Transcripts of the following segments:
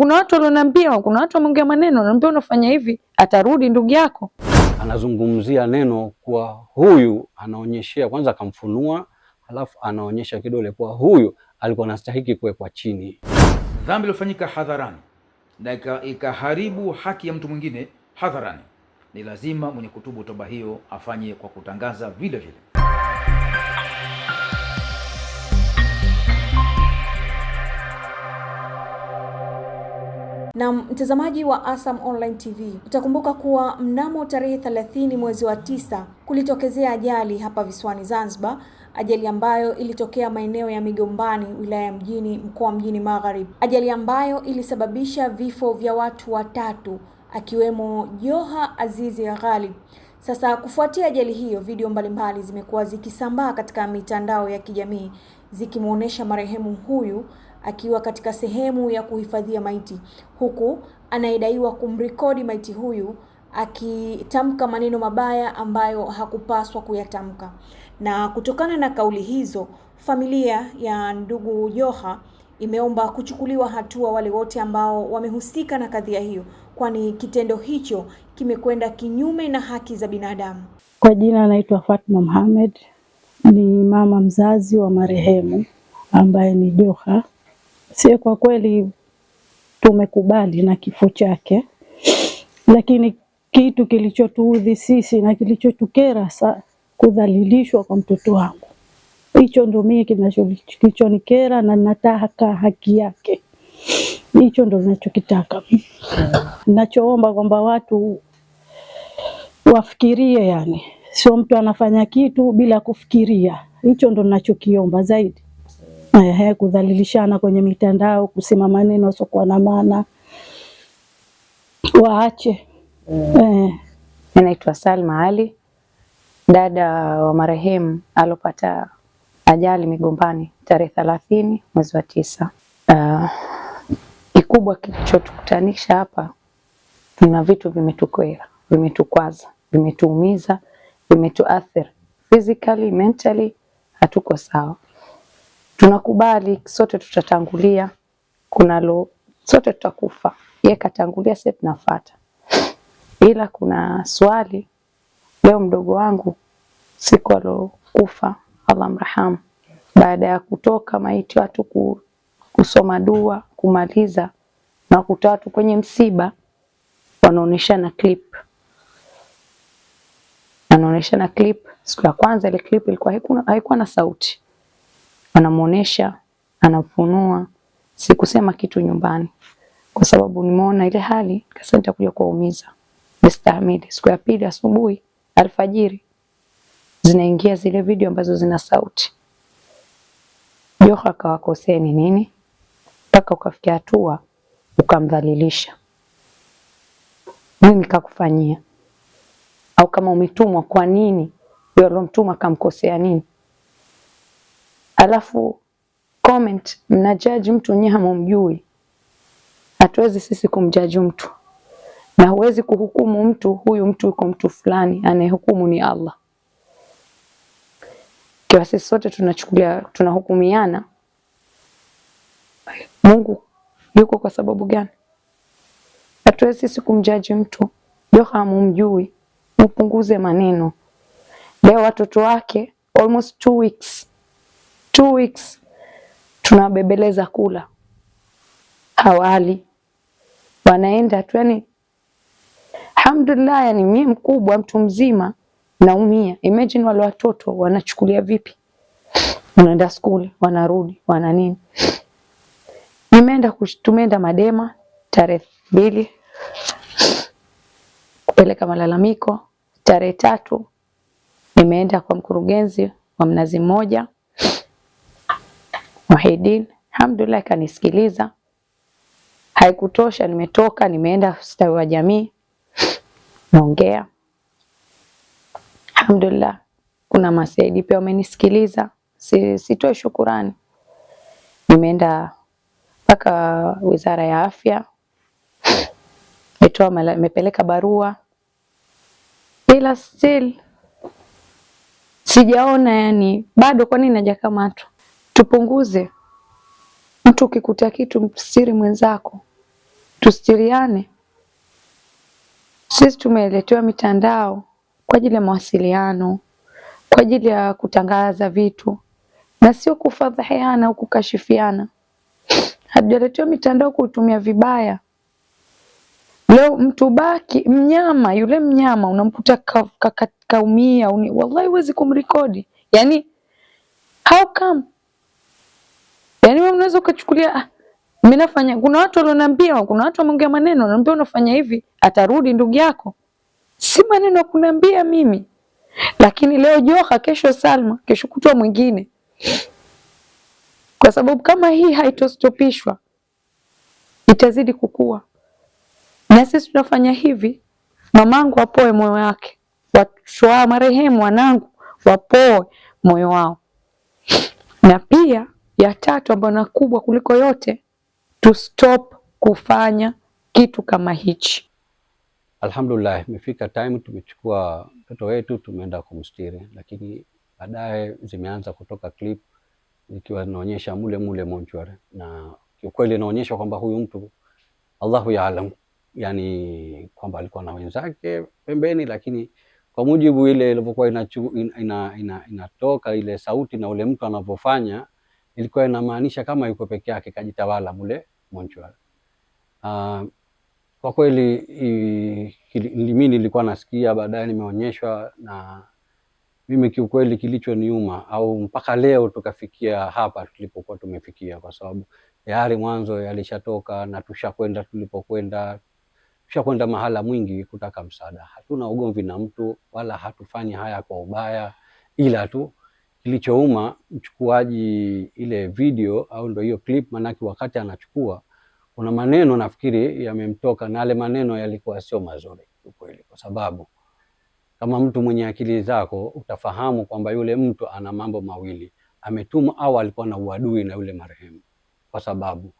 Kuna watu walioniambia, kuna watu wameongea maneno, naambia unafanya hivi atarudi ndugu yako. Anazungumzia neno kwa huyu, anaonyeshea kwanza, akamfunua alafu anaonyesha kidole kwa huyu alikuwa anastahiki kuwekwa chini. Dhambi iliyofanyika hadharani na ikaharibu haki ya mtu mwingine hadharani, ni lazima mwenye kutubu toba hiyo afanye kwa kutangaza vile vile. Na mtazamaji wa Asam Online TV, utakumbuka kuwa mnamo tarehe 30 mwezi wa tisa kulitokezea ajali hapa visiwani Zanzibar, ajali ambayo ilitokea maeneo ya Migombani, wilaya ya Mjini, mkoa Mjini Magharibi, ajali ambayo ilisababisha vifo vya watu watatu akiwemo Joha Azizi Ghalib. Sasa kufuatia ajali hiyo, video mbalimbali zimekuwa zikisambaa katika mitandao ya kijamii zikimuonesha marehemu huyu akiwa katika sehemu ya kuhifadhia maiti, huku anayedaiwa kumrekodi maiti huyu akitamka maneno mabaya ambayo hakupaswa kuyatamka. Na kutokana na kauli hizo, familia ya ndugu Joha imeomba kuchukuliwa hatua wale wote ambao wamehusika na kadhia hiyo, kwani kitendo hicho kimekwenda kinyume na haki za binadamu. Kwa jina anaitwa Fatma Mohamed, ni mama mzazi wa marehemu ambaye ni Joha sio kwa kweli tumekubali na kifo chake, lakini kitu kilichotuudhi sisi na kilichotukera sa kudhalilishwa kwa mtoto wangu. Hicho ndo mimi kinachonikera na nataka haki yake. Hicho ndo ninachokitaka, ninachoomba kwamba watu wafikirie, yani sio mtu anafanya kitu bila kufikiria. Hicho ndo ninachokiomba zaidi. Ehe, kudhalilishana kwenye mitandao, kusema maneno yasiokuwa na maana waache. Mm. Eh. naitwa Salma Ali, dada wa marehemu alopata ajali Migombani tarehe thelathini mwezi wa tisa. Uh, kikubwa kilichotukutanisha hapa, kuna vitu vimetukwea, vimetukwaza, vimetuumiza, vimetuathiri physically, mentally, hatuko sawa Tunakubali sote, tutatangulia kunalo, sote tutakufa. ye katangulia, sisi tunafuata. Ila kuna swali leo, mdogo wangu siku alokufa Allah mrahamu, baada ya kutoka maiti watu kusoma dua kumaliza, na kuta watu kwenye msiba wanaonyeshana clip anaonyeshana clip. Siku ya kwanza ile clip ilikuwa haikuwa na sauti anamwonesha, anafunua Sikusema kitu nyumbani kwa sababu nimeona ile hali, kasa nitakuja kuwaumiza, nistahimili. Siku ya pili asubuhi, alfajiri, zinaingia zile video ambazo zina sauti. Joha akawakosea ni nini mpaka ukafikia hatua ukamdhalilisha? Mimi kakufanyia? Au kama umetumwa, kwa nini yule alomtuma akamkosea nini? alafu comment judge mtu nyinyi hamumjui. Hatuwezi sisi kumjaji mtu na huwezi kuhukumu mtu, huyu mtu yuko mtu fulani, anayehukumu ni Allah. Kwa sisi sote tunachukulia tunahukumiana, Mungu yuko kwa sababu gani? Hatuwezi sisi kumjaji mtu, Joha hamumjui, mpunguze maneno. Leo watoto wake almost two weeks two weeks tunawabembeleza kula, hawali wanaenda tu yani. Alhamdulillah, yani mimi mkubwa, mtu mzima naumia. Imagine wale watoto wanachukulia vipi? Wanaenda skuli, wanarudi, wana nini? Nimeenda tumeenda Madema tarehe mbili kupeleka malalamiko. Tarehe tatu nimeenda kwa mkurugenzi wa mnazi mmoja Muhyiddin, alhamdulillah kanisikiliza. Haikutosha, nimetoka nimeenda ustawi wa jamii, naongea alhamdulillah. Kuna masaidi pia wamenisikiliza, sitoe shukurani. Nimeenda mpaka wizara ya afya, metoa nimepeleka barua, ila still sijaona, yani bado. Kwa nini najakamatwa? tupunguze. Mtu ukikuta kitu mstiri mwenzako, tustiriane. Sisi tumeletewa mitandao kwa ajili ya mawasiliano, kwa ajili ya kutangaza vitu na sio kufadhahiana au kukashifiana. Hatujaletewa mitandao kuitumia vibaya. Leo mtu baki mnyama, yule mnyama unamkuta kaumia ka, ka, ka wallahi, huwezi kumrekodi yani how come? unaweza ukachukulia ah, mimi nafanya. Kuna watu walioniambia, kuna watu wameongea maneno, wanaambia unafanya hivi atarudi ndugu yako. Si maneno kuniambia mimi, lakini leo Joha, kesho Salma, kesho kutwa mwingine, kwa sababu kama hii haitostopishwa itazidi kukua, na sisi tunafanya hivi. Mamangu apoe moyo wake, watoto marehemu wanangu wapoe moyo wao na pia ya tatu ambayo na kubwa kuliko yote, to stop kufanya kitu kama hichi. Alhamdulillah, imefika time tumechukua mtoto wetu tumeenda kumstiri, lakini baadaye zimeanza kutoka clip ikiwa inaonyesha mule mule mochwari, na kiukweli inaonyesha kwamba huyu mtu Allahu yaalam, yani kwamba alikuwa na wenzake pembeni, lakini kwa mujibu ile ilivyokuwa inatoka ina, ina, ina ile sauti na ule mtu anavyofanya ilikuwa inamaanisha kama yuko peke yake, kajitawala mule Montreal. Uh, kwa kweli mimi nilikuwa nasikia, baadaye nimeonyeshwa na mimi kiukweli, niuma au mpaka leo tukafikia hapa tulipokuwa tumefikia, kwa sababu tayari mwanzo yalishatoka na tushakwenda tulipokwenda, tushakwenda mahala mwingi kutaka msaada. Hatuna ugomvi na mtu wala hatufanyi haya kwa ubaya, ila tu Kilichouma mchukuaji ile video au ndio hiyo clip, manake wakati anachukua kuna maneno nafikiri yamemtoka, na yale maneno yalikuwa sio mazuri ukweli, kwa sababu kama mtu mwenye akili zako utafahamu kwamba yule mtu ana mambo mawili, ametumwa au alikuwa na uadui na yule marehemu, kwa sababu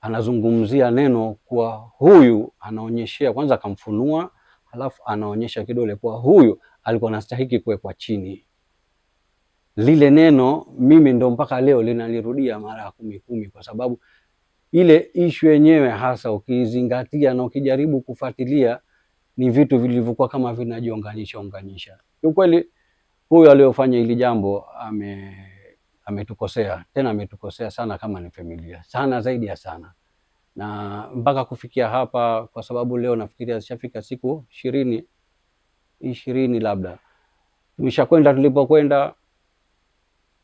anazungumzia neno kuwa huyu anaonyeshea, kwanza akamfunua, halafu anaonyesha kidole kuwa huyu alikuwa anastahiki kuwekwa chini lile neno mimi ndo mpaka leo linalirudia mara ya kumi kumi, kwa sababu ile ishu yenyewe hasa ukizingatia na ukijaribu kufuatilia ni vitu vilivyokuwa kama vinajiunganisha unganisha. Kiukweli huyu aliyofanya hili jambo ame ametukosea tena, ametukosea sana kama ni familia sana, zaidi ya sana, na mpaka kufikia hapa, kwa sababu leo nafikiria zishafika siku ishirini ishirini labda tumeshakwenda tulipokwenda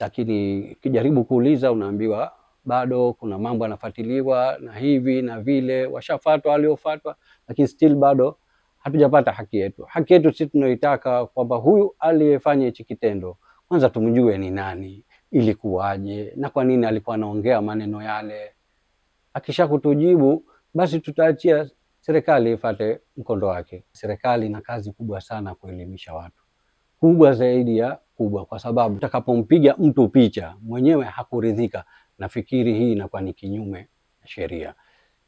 lakini ukijaribu kuuliza unaambiwa bado kuna mambo yanafuatiliwa na hivi na vile, washafatwa waliofatwa, lakini still bado hatujapata haki yetu. Haki yetu sisi tunaitaka kwamba huyu aliyefanya hichi kitendo kwanza tumjue ni nani, ilikuwaje na kwa nini alikuwa anaongea maneno yale. Akisha kutujibu basi tutaachia serikali ifate mkondo wake. Serikali ina kazi kubwa sana kuelimisha watu kubwa zaidi ya kubwa, kwa sababu utakapompiga mtu picha mwenyewe hakuridhika, nafikiri hii inakuwa ni kinyume na sheria.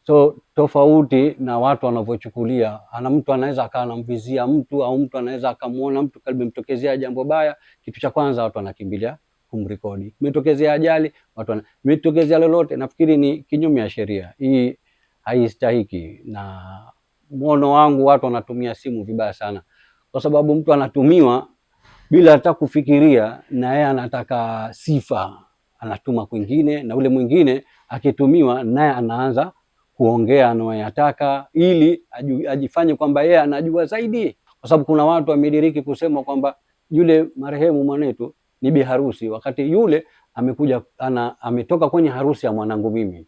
So tofauti na watu wanavyochukulia, ana mtu anaweza akanamvizia mtu au mtu anaweza akamuona mtu kalimemtokezea jambo baya, kitu cha kwanza watu wanakimbilia kumrekodi. Kimetokezea ajali, watu wana lolote, nafikiri ni kinyume ya sheria, hii haistahiki. Na mwono wangu, watu wanatumia simu vibaya sana, kwa sababu mtu anatumiwa bila hata kufikiria, na yeye anataka sifa, anatuma kwingine, na ule mwingine akitumiwa, naye anaanza kuongea anayoyataka, ili ajifanye kwamba yeye anajua zaidi, kwa sababu kuna watu wamediriki kusema kwamba yule marehemu mwanetu ni biharusi, wakati yule amekuja ana, ametoka kwenye harusi ya mwanangu mimi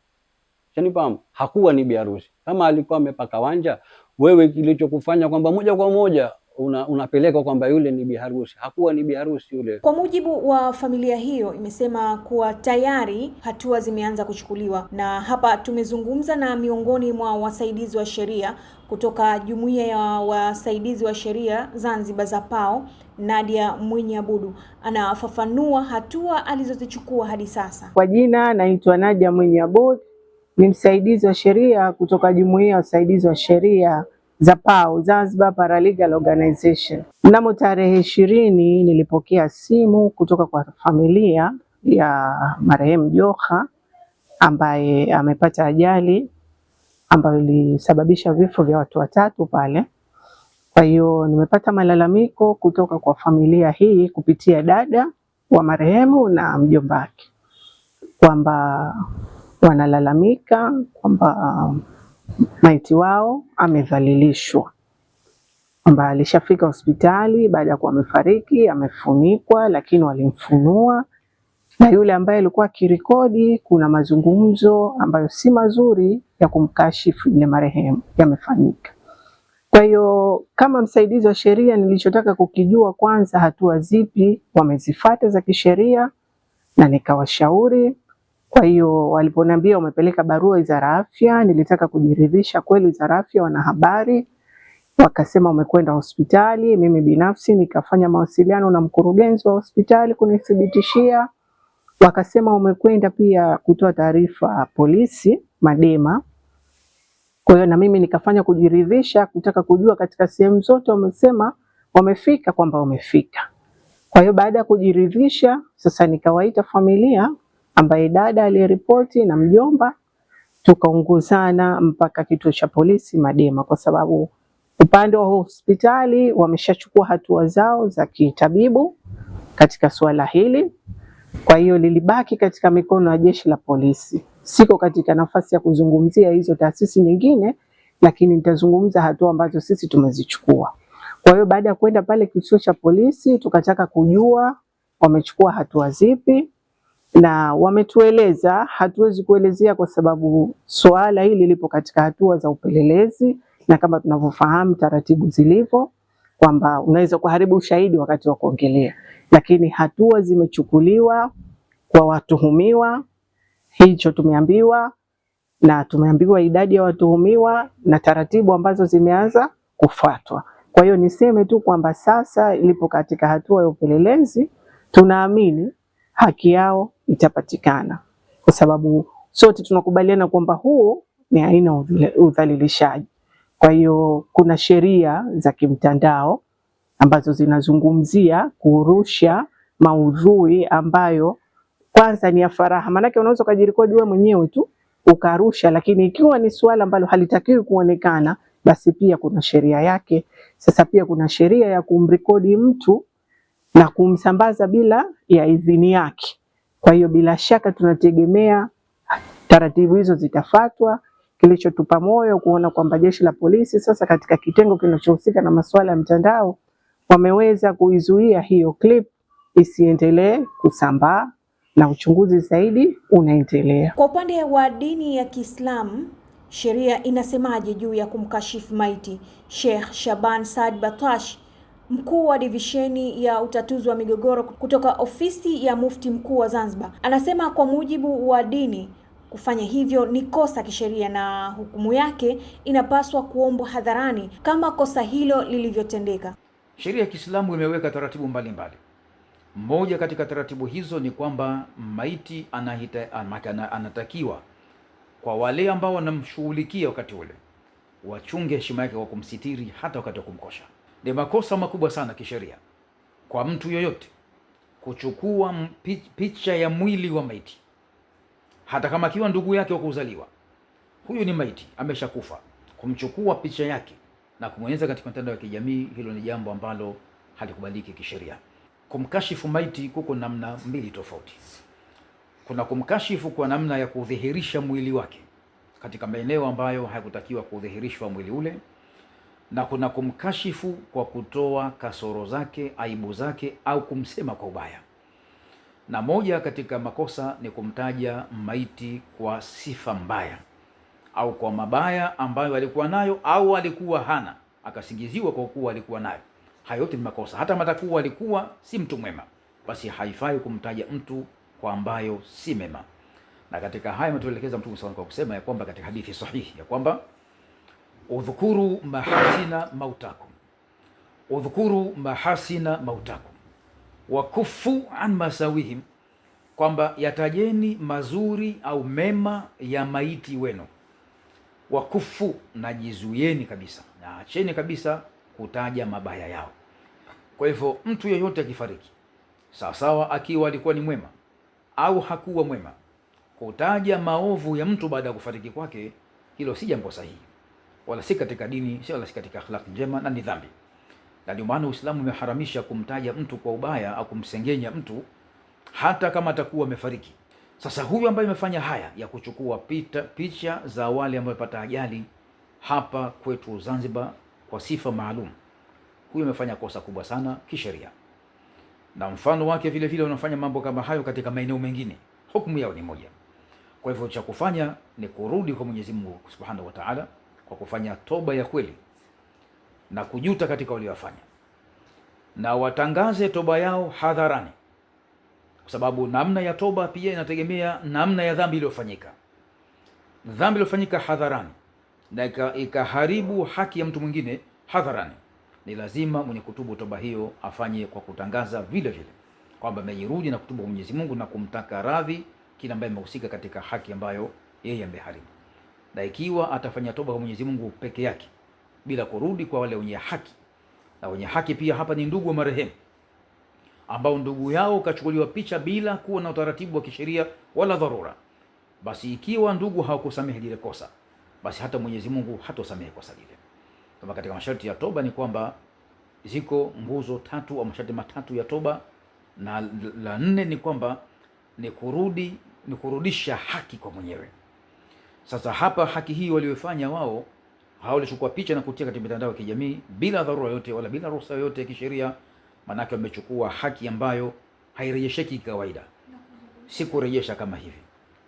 Shanifahamu, hakuwa ni biharusi. Kama alikuwa amepaka wanja, wewe kilichokufanya kwamba moja kwa moja una, unapelekwa kwamba yule ni biharusi, hakuwa ni biharusi yule. Kwa mujibu wa familia hiyo, imesema kuwa tayari hatua zimeanza kuchukuliwa, na hapa tumezungumza na miongoni mwa wasaidizi wa sheria kutoka jumuiya ya wasaidizi wa sheria Zanzibar ZAPAO, Nadia Mwinyi Abudu anafafanua hatua alizozichukua hadi sasa. Kwa jina naitwa Nadia Mwinyi Abudu, ni msaidizi wa sheria kutoka jumuiya ya wasaidizi wa sheria za PAO Zanzibar Paralegal Organization. Mnamo tarehe ishirini nilipokea simu kutoka kwa familia ya marehemu Joha ambaye amepata ajali ambayo ilisababisha vifo vya watu watatu pale. Kwa hiyo nimepata malalamiko kutoka kwa familia hii kupitia dada wa marehemu na mjomba wake kwamba wanalalamika kwamba maiti wao amedhalilishwa, kwamba alishafika hospitali baada ya kuwa amefariki, amefunikwa, lakini walimfunua. Na yule ambaye alikuwa akirekodi, kuna mazungumzo ambayo si mazuri ya kumkashifu yule marehemu yamefanyika. Kwa hiyo kama msaidizi wa sheria, nilichotaka kukijua kwanza, hatua zipi wamezifata za kisheria, na nikawashauri kwa hiyo waliponiambia wamepeleka barua wizara afya, nilitaka kujiridhisha kweli wizara afya wana habari. Wakasema umekwenda hospitali. Mimi binafsi nikafanya mawasiliano na mkurugenzi wa hospitali kunithibitishia. Wakasema umekwenda pia kutoa taarifa polisi Madema. Kwa hiyo na mimi nikafanya kujiridhisha, kutaka kujua katika sehemu zote wamesema wamefika, kwamba wamefika. Kwa hiyo baada ya kujiridhisha, sasa nikawaita familia ambaye dada aliyeripoti na mjomba tukaunguzana mpaka kituo cha polisi Madema, kwa sababu upande wa hospitali wameshachukua hatua zao za kitabibu katika suala hili. Kwa hiyo lilibaki katika mikono ya jeshi la polisi. Siko katika nafasi ya kuzungumzia hizo taasisi nyingine, lakini nitazungumza hatua ambazo sisi tumezichukua. Kwa hiyo baada ya kwenda pale kituo cha polisi, tukataka kujua wamechukua hatua zipi na wametueleza, hatuwezi kuelezea kwa sababu suala hili lipo katika hatua za upelelezi, na kama tunavyofahamu taratibu zilivyo kwamba unaweza kuharibu ushahidi wakati wa kuongelea, lakini hatua zimechukuliwa kwa watuhumiwa, hicho tumeambiwa, na tumeambiwa idadi ya watuhumiwa na taratibu ambazo zimeanza kufuatwa. Kwa hiyo niseme tu kwamba sasa ilipo katika hatua ya upelelezi, tunaamini haki yao itapatikana, kwa sababu sote tunakubaliana kwamba huo ni aina udhalilishaji. Kwa hiyo kuna sheria za kimtandao ambazo zinazungumzia kurusha maudhui ambayo kwanza ni ya faraha, maanake unaweza ukajirekodi wewe mwenyewe tu ukarusha, lakini ikiwa ni suala ambalo halitakiwi kuonekana, basi pia kuna sheria yake. Sasa pia kuna sheria ya kumrekodi mtu na kumsambaza bila ya idhini yake. Kwa hiyo bila shaka tunategemea taratibu hizo zitafatwa. Kilichotupa moyo kuona kwamba jeshi la polisi sasa katika kitengo kinachohusika na masuala ya mtandao wameweza kuizuia hiyo clip isiendelee kusambaa na uchunguzi zaidi unaendelea. Kwa upande wa dini ya Kiislamu, sheria inasemaje juu ya kumkashifu maiti? Sheikh Shaban Saad Batash Mkuu wa divisheni ya utatuzi wa migogoro kutoka ofisi ya mufti mkuu wa Zanzibar anasema kwa mujibu wa dini kufanya hivyo ni kosa kisheria na hukumu yake inapaswa kuombwa hadharani kama kosa hilo lilivyotendeka. Sheria ya Kiislamu imeweka taratibu mbalimbali mbali. Moja katika taratibu hizo ni kwamba maiti anahita, anatakiwa kwa wale ambao wanamshughulikia wakati ule wachunge heshima yake kwa kumsitiri hata wakati wa kumkosha ni makosa makubwa sana kisheria kwa mtu yoyote kuchukua picha ya mwili wa maiti, hata kama akiwa ndugu yake wa kuzaliwa. Huyu ni maiti, ameshakufa. Kumchukua picha yake na kumweneza katika mtandao wa kijamii, hilo ni jambo ambalo halikubaliki kisheria. Kumkashifu maiti kuko namna mbili tofauti. Kuna kumkashifu kwa namna ya kudhihirisha mwili wake katika maeneo ambayo hayakutakiwa kudhihirishwa mwili ule na kuna kumkashifu kwa kutoa kasoro zake, aibu zake, au kumsema kwa ubaya. Na moja katika makosa ni kumtaja maiti kwa sifa mbaya au kwa mabaya ambayo alikuwa nayo au alikuwa hana, akasingiziwa kwa kuwa alikuwa nayo. Hayo yote ni makosa. Hata matakuwa alikuwa si mtu mwema, basi haifai kumtaja mtu kwa ambayo si mema. Na katika haya ametuelekeza Mtume kwa kusema ya kwamba katika hadithi sahihi ya kwamba udhukuru mahasina mautakum, udhukuru mahasina mautakum wakufu an masawihim, kwamba yatajeni mazuri au mema ya maiti wenu. Wakufu, najizuieni kabisa, naacheni kabisa kutaja mabaya yao. Kwa hivyo mtu yeyote akifariki, sawasawa akiwa alikuwa ni mwema au hakuwa mwema, kutaja maovu ya mtu baada ya kufariki kwake, hilo si jambo sahihi wala si katika dini, si wala si katika akhlaki njema, na ni dhambi. Na ndio maana Uislamu umeharamisha kumtaja mtu kwa ubaya au kumsengenya mtu hata kama atakuwa amefariki. Sasa huyu ambaye amefanya haya ya kuchukua pita, picha za wale ambao wamepata ajali hapa kwetu Zanzibar kwa sifa maalum, huyu amefanya kosa kubwa sana kisheria, na mfano wake vile vile unafanya mambo kama hayo katika maeneo mengine, hukumu yao ni moja. Kwa hivyo cha kufanya ni kurudi kwa Mwenyezi Mungu Subhanahu wa Ta'ala kwa kufanya toba ya kweli na kujuta katika waliyofanya, na watangaze toba yao hadharani, kwa sababu namna ya toba pia inategemea namna ya dhambi iliyofanyika. Dhambi iliyofanyika hadharani na ikaharibu haki ya mtu mwingine hadharani, ni lazima mwenye kutubu toba hiyo afanye kwa kutangaza vile vile kwamba amejirudi na kutubu kwa Mwenyezi Mungu na kumtaka radhi kila ambaye amehusika katika haki ambayo yeye ameharibu na ikiwa atafanya toba kwa Mwenyezi Mungu peke yake bila kurudi kwa wale wenye haki. Na wenye haki pia hapa ni ndugu wa marehemu ambao ndugu yao kachukuliwa picha bila kuwa na utaratibu wa kisheria wala dharura, basi ikiwa ndugu hawakusamehe lile kosa, basi hata Mwenyezi Mungu hatosamehe kosa lile. Kama katika masharti ya toba ni kwamba ziko nguzo tatu au masharti matatu ya toba, na la nne ni kwamba ni kurudi, ni kurudisha haki kwa mwenyewe. Sasa hapa haki hii waliofanya wao hao, walichukua picha na kutia katika mitandao ya kijamii bila dharura yote wala bila ruhusa yoyote ya kisheria, maanake wamechukua haki ambayo hairejesheki kawaida, si kurejesha kama hivi.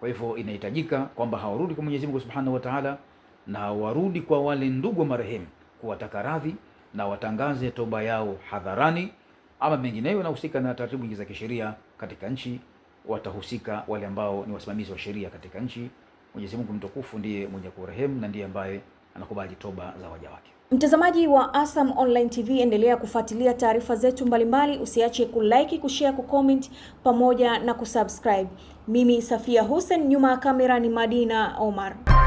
Kwa hivyo inahitajika kwamba hawarudi kwa Mwenyezi Mungu Subhanahu wa Ta'ala, na warudi kwa wale ndugu wa marehemu kuwataka radhi na watangaze toba yao hadharani, ama mengineyo wanahusika na taratibu nyingi za kisheria katika nchi, watahusika wale ambao ni wasimamizi wa sheria katika nchi. Mwenyezi Mungu mtukufu ndiye mwenye kurehemu na ndiye ambaye anakubali toba za waja wake. Mtazamaji wa Asam Online TV, endelea kufuatilia taarifa zetu mbalimbali, usiache kulike, kushare, kucomment pamoja na kusubscribe. Mimi Safia Hussein, nyuma ya kamera ni Madina Omar.